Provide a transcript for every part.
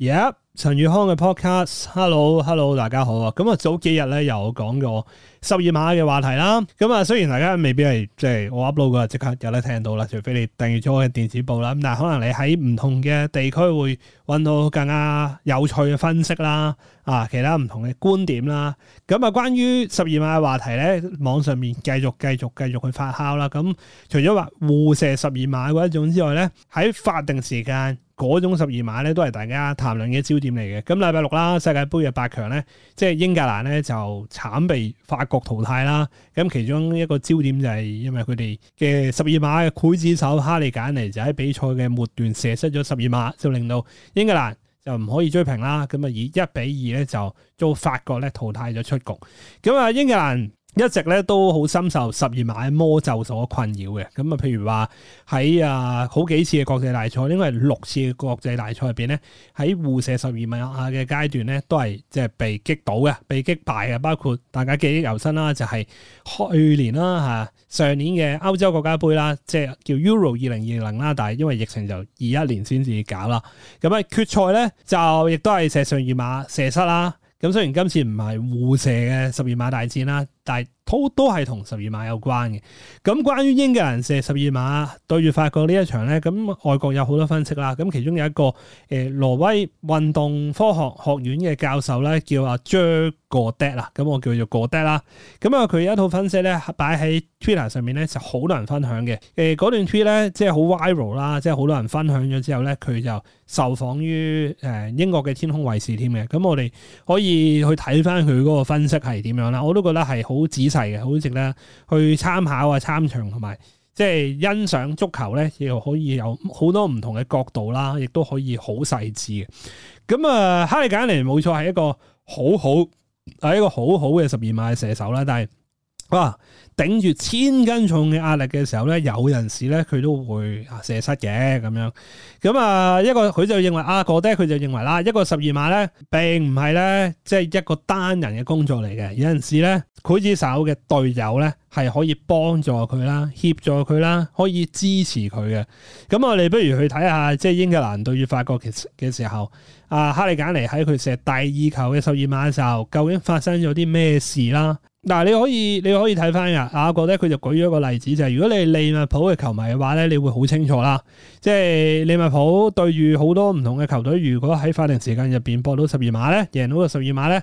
耶！陳宇康嘅 podcast，hello hello，大家好啊。咁啊，早幾日咧又講過十二碼嘅話題啦。咁啊，雖然大家未必係即係我 upload 嘅，即刻有得聽到啦。除非你訂閱咗我嘅電子報啦，咁但係可能你喺唔同嘅地區會搵到更加有趣嘅分析啦。啊，其他唔同嘅觀點啦。咁啊，關於十二碼嘅話題咧，網上面繼續繼續繼續去發酵啦。咁除咗話互射十二碼嗰一種之外咧，喺法定時間。嗰種十二碼咧，都係大家談論嘅焦點嚟嘅。咁禮拜六啦，世界盃嘅八強咧，即係英格蘭咧就慘被法國淘汰啦。咁其中一個焦點就係因為佢哋嘅十二碼嘅劊子手哈利簡尼就喺比賽嘅末段射失咗十二碼，就令到英格蘭就唔可以追平啦。咁啊，以一比二咧就遭法國咧淘汰咗出局。咁啊英格蘭，一直咧都好深受十二碼魔咒所困擾嘅，咁啊，譬如話喺啊好幾次嘅國際大賽，因為六次嘅國際大賽入邊咧，喺互射十二碼嘅階段咧，都係即係被擊倒嘅、被擊敗嘅，包括大家記憶猶新啦，就係、是、去年啦嚇上年嘅歐洲國家盃啦，即係叫 Euro 二零二零啦，但係因為疫情就二一年先至搞啦，咁啊決賽咧就亦都係射上十二碼射失啦。咁雖然今次唔係互射嘅十二碼大戰啦，但係，都都係同十二碼有關嘅。咁關於英格蘭射十二碼對住法國呢一場咧，咁外國有好多分析啦。咁其中有一個誒挪威運動科學學院嘅教授咧，叫阿、er、Geir Jordet 啊，咁我叫佢做 Jordet 啦。咁啊，佢有一套分析咧，擺喺 Twitter 上面咧，就好多人分享嘅。誒嗰段 Tweet 咧，即係好 viral 啦，即係好多人分享咗之後咧，佢就受訪於誒英國嘅天空衞視添嘅。咁我哋可以去睇返佢嗰個分析係點樣啦。我都覺得係好仔細。係嘅，好值啦！去參考啊，參詳同埋即係欣賞足球咧，亦可以有好多唔同嘅角度啦，亦都可以好細緻嘅。咁啊，哈利簡尼冇錯係一個好好啊，係一個好好嘅十二碼嘅射手啦，但係。哇！頂住千斤重嘅壓力嘅時候咧，有陣時咧，佢都會射失嘅咁樣。咁啊，一個佢就認為阿哥、啊、那個、爹佢就認為啦，一個十二碼咧，並唔係咧，即係一個單人嘅工作嚟嘅。有陣時咧，佢至手嘅隊友咧係可以幫助佢啦，協助佢啦，可以支持佢嘅。咁我哋不如去睇下，即係英格蘭對於法國嘅時候，啊、哈利簡尼喺佢射第二球嘅十二碼嘅時候，究竟發生咗啲咩事啦？嗱、啊，你可以你可以睇翻嘅，阿哥呢，佢就舉咗一個例子，就係、是、如果你係利物浦嘅球迷嘅話咧，你會好清楚啦，即係利物浦對住好多唔同嘅球隊，如果喺法定時間入邊博到十二碼咧，贏到個十二碼咧，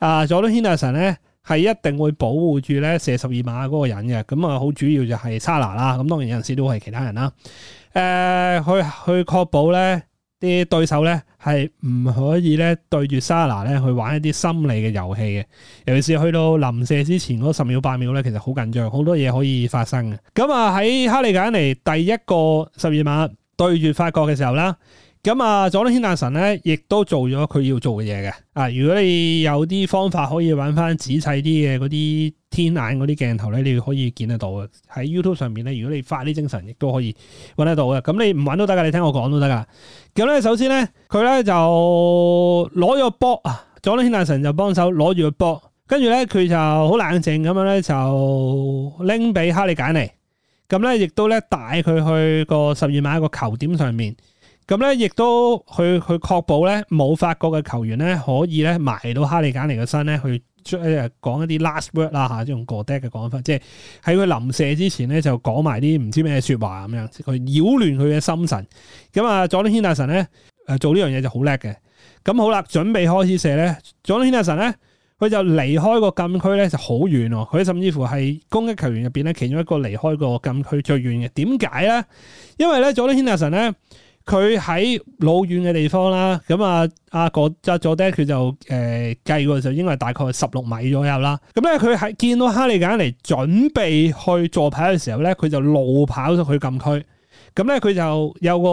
啊，佐敦軒達臣咧係一定會保護住咧射十二碼嗰個人嘅，咁啊好主要就係沙拿啦，咁當然有陣時都係其他人啦，啊、去去確保咧啲對手咧。係唔可以咧對住莎拿咧去玩一啲心理嘅遊戲嘅，尤其是去到臨射之前嗰十秒八秒咧，其實好緊張，好多嘢可以發生嘅。咁啊喺哈利簡尼第一個十二碼對住法國嘅時候啦。咁啊，佐敦軒達臣咧，亦都做咗佢要做嘅嘢嘅。啊，如果你有啲方法可以揾翻仔細啲嘅嗰啲天眼嗰啲鏡頭咧，你可以見得到嘅。喺 YouTube 上面咧，如果你發啲精神，亦都可以揾得到嘅。咁你唔揾都得噶，你聽我講都得噶。咁咧，首先咧，佢咧就攞咗個波啊，佐敦軒達臣就幫手攞住個波，跟住咧佢就好冷靜咁樣咧就拎俾哈利簡尼。咁、嗯、咧，亦都咧帶佢去個十二碼個球點上面。咁咧，亦都去去確保咧，冇法國嘅球員咧，可以咧埋到哈利簡尼嘅身咧，去即係講一啲 last word 啦嚇，用哥爹嘅講法，即係喺佢臨射之前咧，就講埋啲唔知咩說話咁樣，佢擾亂佢嘅心神。咁啊，佐敦軒達臣咧，誒做呢樣嘢就好叻嘅。咁好啦，準備開始射咧，佐敦軒達臣咧，佢就離開個禁區咧就好遠喎。佢甚至乎係攻擊球員入邊咧，其中一個離開個禁區最遠嘅。點解咧？因為咧，佐敦軒達臣咧。佢喺老遠嘅地方啦，咁啊阿哥揸咗爹佢就、呃、計嘅時候應該大概十六米左右啦。咁咧佢喺見到哈利簡尼準備去助跑嘅時候咧，佢就路跑咗去禁區。咁咧佢就有個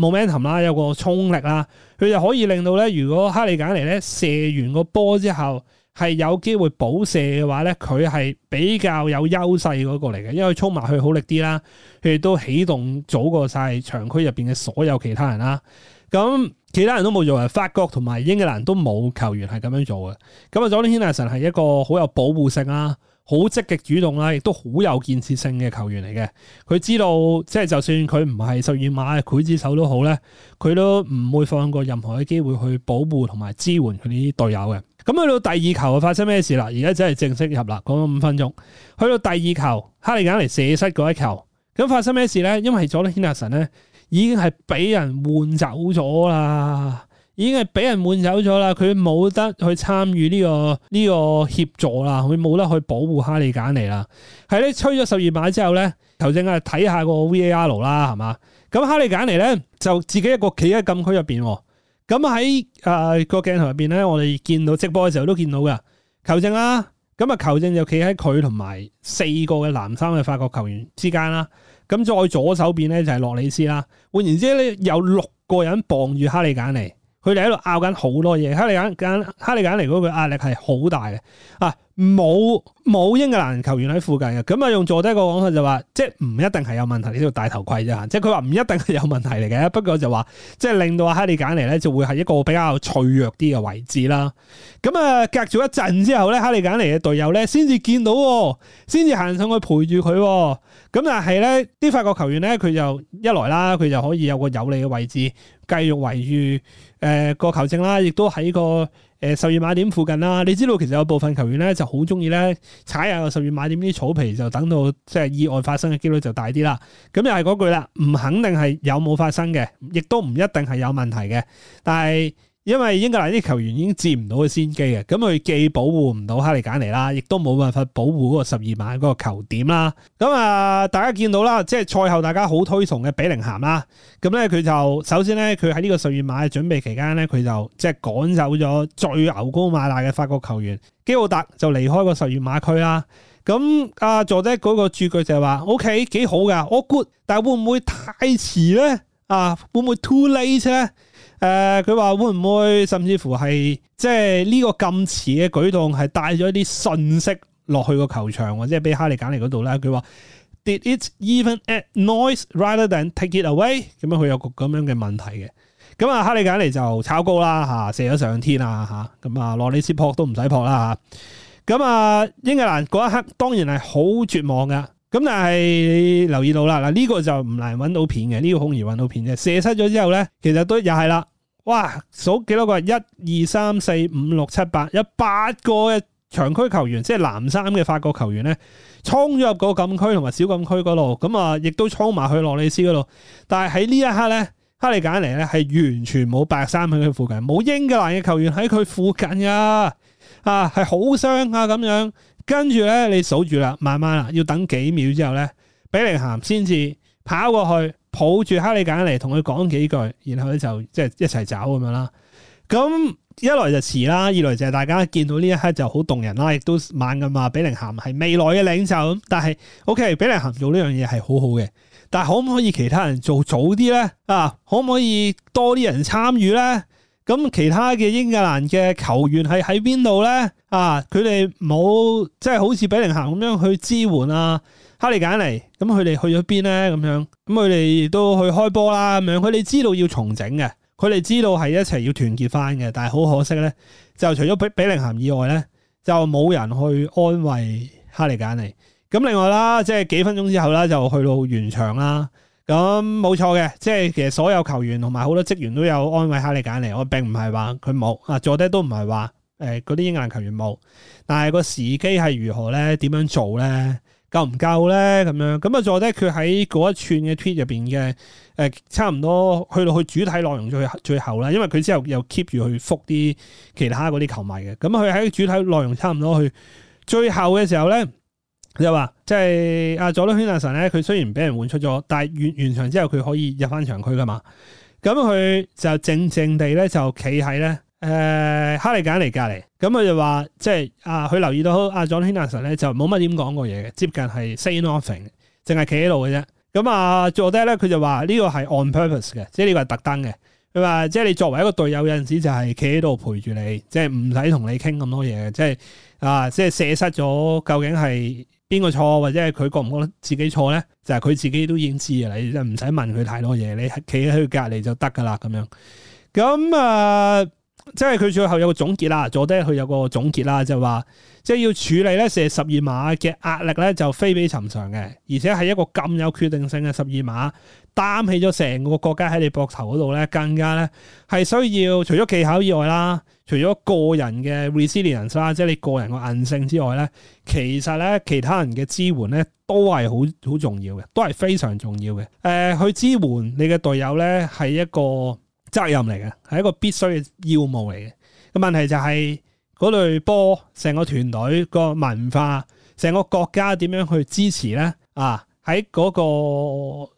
momentum 啦，有個衝力啦，佢就可以令到咧，如果哈利簡尼咧射完個波之後。係有機會補射嘅話咧，佢係比較有優勢嗰、那個嚟嘅，因為佢衝埋去好力啲啦，佢亦都起動早過晒場區入邊嘅所有其他人啦。咁其他人都冇做嘅，法國同埋英格蘭都冇球員係咁樣做嘅。咁啊，佐敦軒達臣係一個好有保護性啦、好積極主動啦，亦都好有建設性嘅球員嚟嘅。佢知道，即、就、係、是、就算佢唔係十二碼嘅劊子手好都好咧，佢都唔會放過任何嘅機會去保護同埋支援佢啲隊友嘅。咁去到第二球啊，發生咩事啦？而家真係正式入啦，講咗五分鐘，去到第二球，哈利簡尼射失嗰一球，咁發生咩事咧？因為佐敦軒達臣咧已經係俾人換走咗啦，已經係俾人換走咗啦，佢冇得去參與呢個呢、這個協助啦，佢冇得去保護哈利簡尼啦。係咧吹咗十二碼之後咧，頭先啊睇下個 VAR 啦，係嘛？咁哈利簡尼咧就自己一個企喺禁區入邊。咁喺誒個鏡頭入邊咧，我哋見到直播嘅時候都見到噶球證啦、啊。咁啊球證就企喺佢同埋四個嘅藍衫嘅法國球員之間啦。咁再左手邊咧就係、是、洛里斯啦。換言之咧，有六個人傍住哈利簡尼，佢哋喺度拗緊好多嘢。哈利簡簡哈利簡尼嗰個壓力係好大嘅啊！冇冇英格蘭球員喺附近嘅，咁啊用坐低個講法就話，即係唔一定係有問題，呢度戴頭盔咋，即係佢話唔一定係有問題嚟嘅，不過就話，即係令到阿哈利簡尼咧就會係一個比較脆弱啲嘅位置啦。咁啊隔咗一陣之後咧，哈利簡尼嘅隊友咧先至見到，先至行上去陪住佢。咁但係咧啲法國球員咧，佢就一來啦，佢就可以有個有利嘅位置，繼續圍住誒個球證啦，亦都喺個。誒、呃、十二碼點附近啦，你知道其實有部分球員咧就好中意咧踩下個十二碼點啲草皮，就等到即係意外發生嘅機率就大啲啦。咁又係嗰句啦，唔肯定係有冇發生嘅，亦都唔一定係有問題嘅，但係，因為英格蘭啲球員已經佔唔到佢先機嘅，咁佢既保護唔到哈利簡尼啦，亦都冇辦法保護嗰個十二碼嗰個球點啦。咁啊、呃，大家見到啦，即係賽後大家好推崇嘅比寧咸啦。咁咧，佢就首先咧，佢喺呢個十二碼嘅準備期間咧，佢就即係趕走咗最牛高馬大嘅法國球員基奧特，就離開那個十二碼區啦。咁啊，坐低嗰個注句就係話：，OK，幾好噶，我 good，但會唔會太遲咧？啊，會唔會 too late 咧？誒，佢話、呃、會唔會甚至乎係即係呢個咁遲嘅舉動係帶咗啲信息落去個球場，或者係俾哈利簡尼嗰度咧？佢話 Did it even add noise rather than take it away？咁樣佢有個咁樣嘅問題嘅。咁啊，哈利簡尼就炒高啦，吓射咗上天啊，吓咁啊，羅里斯撲都唔使撲啦，吓咁啊，英格蘭嗰一刻當然係好絕望㗎。咁但係你留意到啦，嗱、這、呢個就唔難搵到片嘅，呢、這個好易搵到片嘅。射失咗之後咧，其實都又係啦，哇，數幾多個一二三四五六七八，1, 2, 3, 4, 5, 6, 7, 8, 有八個嘅長區球員，即係藍衫嘅法國球員咧，衝咗入個禁區同埋小禁區嗰度，咁啊，亦都衝埋去洛里斯嗰度。但係喺呢一刻咧，哈利簡尼咧係完全冇白衫喺佢附近，冇英格蘭嘅球員喺佢附近啊，啊係好傷啊咁樣。跟住咧，你數住啦，慢慢啦，要等幾秒之後咧，比寧咸先至跑過去，抱住哈利簡嚟同佢講幾句，然後咧就即係、就是、一齊走咁樣啦。咁、嗯、一來就遲啦，二來就係大家見到呢一刻就好動人啦，亦都慢㗎嘛。比寧咸係未來嘅領袖，但係 OK，比寧咸做呢樣嘢係好好嘅，但係可唔可以其他人做早啲咧？啊，可唔可以多啲人參與咧？咁其他嘅英格蘭嘅球員係喺邊度咧？啊，佢哋冇即係好似比靈咸咁樣去支援啊、哈利簡尼，咁佢哋去咗邊咧？咁樣，咁佢哋都去開波啦咁樣，佢哋知道要重整嘅，佢哋知道係一齊要團結翻嘅，但係好可惜咧，就除咗比比靈咸以外咧，就冇人去安慰哈利簡尼。咁另外啦，即係幾分鐘之後啦，就去到完場啦。咁冇錯嘅，即係其實所有球員同埋好多職員都有安慰下你揀嚟，我並唔係話佢冇啊，坐爹都唔係話誒嗰啲英顏球員冇，但係個時機係如何咧？點樣做咧？夠唔夠咧？咁樣咁啊，坐爹佢喺嗰一串嘅 tweet 入邊嘅誒，差唔多去到去主體內容最最後啦，因為佢之後又 keep 住去復啲其他嗰啲球迷嘅，咁佢喺主體內容差唔多去最後嘅時候咧。就話即係阿、啊、佐敦軒達臣咧，佢雖然俾人換出咗，但係完完場之後佢可以入翻場區噶嘛？咁佢就靜靜地咧就企喺咧誒哈利簡尼隔籬，咁佢就話即係佢、啊、留意到阿、啊、佐敦軒達臣咧就冇乜點講過嘢嘅，接近係 saying nothing，淨係企喺度嘅啫。咁啊佐德咧佢就話呢個係 on purpose 嘅，即係呢個係特登嘅。佢話即係你作為一個隊友有陣時就係企喺度陪住你，即係唔使同你傾咁多嘢，即係。啊！即係射失咗，究竟係邊個錯，或者係佢覺唔覺得自己錯咧？就係、是、佢自己都已經知嘅，你就唔使問佢太多嘢，你企喺佢隔籬就得噶啦咁樣。咁啊、呃，即係佢最後有個總結啦，坐低佢有個總結啦，就話、係、即係要處理咧射十二碼嘅壓力咧，就非比尋常嘅，而且係一個咁有決定性嘅十二碼。擔起咗成個國家喺你膊頭嗰度咧，更加咧係需要除咗技巧以外啦，除咗個人嘅 resilience 啦，即係你個人個韌性之外咧，其實咧其他人嘅支援咧都係好好重要嘅，都係非常重要嘅。誒、呃，去支援你嘅隊友咧係一個責任嚟嘅，係一個必須嘅要務嚟嘅。個問題就係嗰隊波成個團隊、個文化，成個國家點樣去支持咧？啊，喺嗰、個。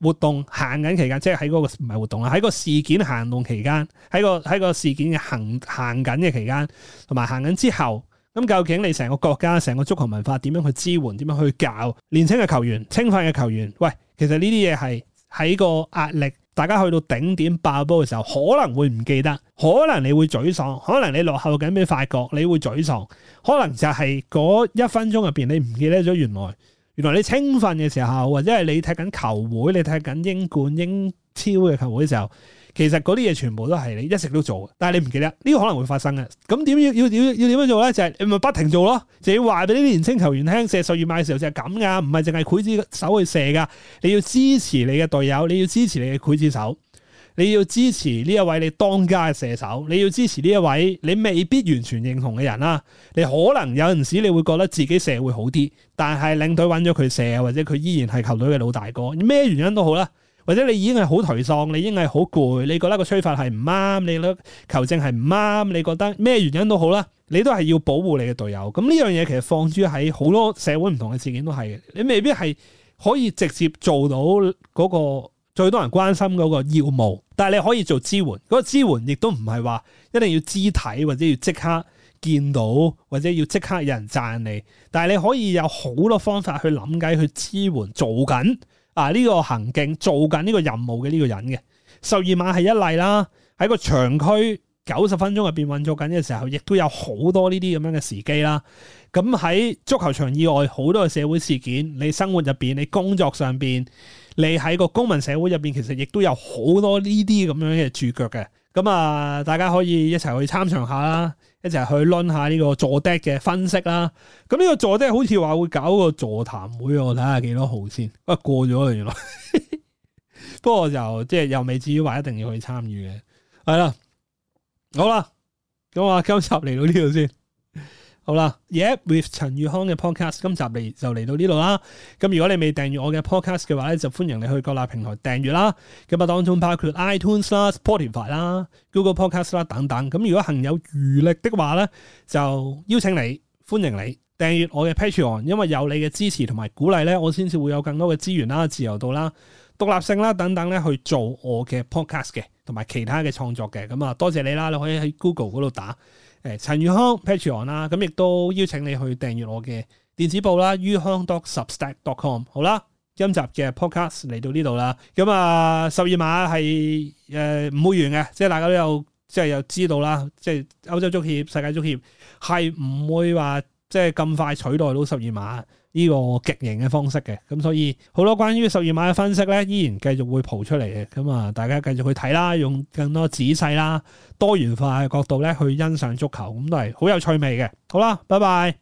活動行緊期間，即係喺嗰個唔係活動啊，喺個事件行動期間，喺個喺個事件行行緊嘅期間，同埋行緊之後，咁究竟你成個國家、成個足球文化點樣去支援？點樣去教年輕嘅球員、青訓嘅球員？喂，其實呢啲嘢係喺個壓力，大家去到頂點爆煲嘅時候，可能會唔記得，可能你會沮喪，可能你落後緊畀法國，你會沮喪，可能就係嗰一分鐘入邊，你唔記得咗原來。原來你青訓嘅時候，或者係你踢緊球會，你踢緊英冠、英超嘅球會嘅時候，其實嗰啲嘢全部都係你一直都做，但係你唔記得，呢個可能會發生嘅。咁點要要要點樣做咧？就係你咪不停做咯，就要話俾呢啲年青球員聽，射十二碼嘅時候就係咁噶，唔係淨係劊子手去射噶，你要支持你嘅隊友，你要支持你嘅劊子手。你要支持呢一位你當家嘅射手，你要支持呢一位你未必完全認同嘅人啦。你可能有陣時你會覺得自己射會好啲，但係領隊揾咗佢射，或者佢依然係球隊嘅老大哥，咩原因都好啦。或者你已經係好頹喪，你已經係好攰，你覺得個吹法係唔啱，你覺得球證係唔啱，你覺得咩原因都好啦，你都係要保護你嘅隊友。咁呢樣嘢其實放諸喺好多社會唔同嘅事件都係嘅，你未必係可以直接做到嗰個最多人關心嗰個要務。但你可以做支援，嗰、那個支援亦都唔係話一定要肢體或者要即刻見到或者要即刻有人讚你。但你可以有好多方法去諗解，去支援做緊啊呢個行徑做緊呢個任務嘅呢個人嘅。十二碼係一例啦，喺個長區九十分鐘入面運作緊嘅時候，亦都有好多呢啲咁樣嘅時機啦。咁喺足球場以外，好多嘅社會事件，你生活入面，你工作上面。你喺個公民社會入邊，其實亦都有好多呢啲咁樣嘅注腳嘅，咁啊大家可以一齊去參詳下啦，一齊去攆下呢個座跌嘅分析啦。咁呢個座跌好似話會搞個座談會，我睇下幾多號先。不、哎、過咗啦原來， 不過就即係又未至於話一定要去參與嘅，係啦。好啦，咁啊今集嚟到呢度先。好啦 Yeah with 陳宇康嘅 podcast，今集嚟就嚟到呢度啦。咁如果你未訂閱我嘅 podcast 嘅話咧，就歡迎你去各大平台訂閱啦。咁啊，當中包括 iTunes 啦、Spotify 啦、Google Podcast 啦等等。咁如果行有餘力的話咧，就邀請你，歡迎你訂閱我嘅 Patreon，因為有你嘅支持同埋鼓勵咧，我先至會有更多嘅資源啦、自由度啦、獨立性啦等等咧，去做我嘅 podcast 嘅同埋其他嘅創作嘅。咁啊，多謝你啦，你可以喺 Google 嗰度打。陳宇康 Patreon 啦，咁亦都邀請你去訂閱我嘅電子報啦，於康 dot substack.com 好啦。今集嘅 Podcast 嚟到呢度啦，咁啊十二碼係誒唔會完嘅，即係大家都有即係又知道啦，即係歐洲足協、世界足協係唔會話即係咁快取代到十二碼。呢個極型嘅方式嘅，咁所以好多關於十二碼嘅分析呢，依然繼續會蒲出嚟嘅，咁啊，大家繼續去睇啦，用更多仔細啦、多元化嘅角度呢，去欣賞足球，咁都係好有趣味嘅。好啦，拜拜。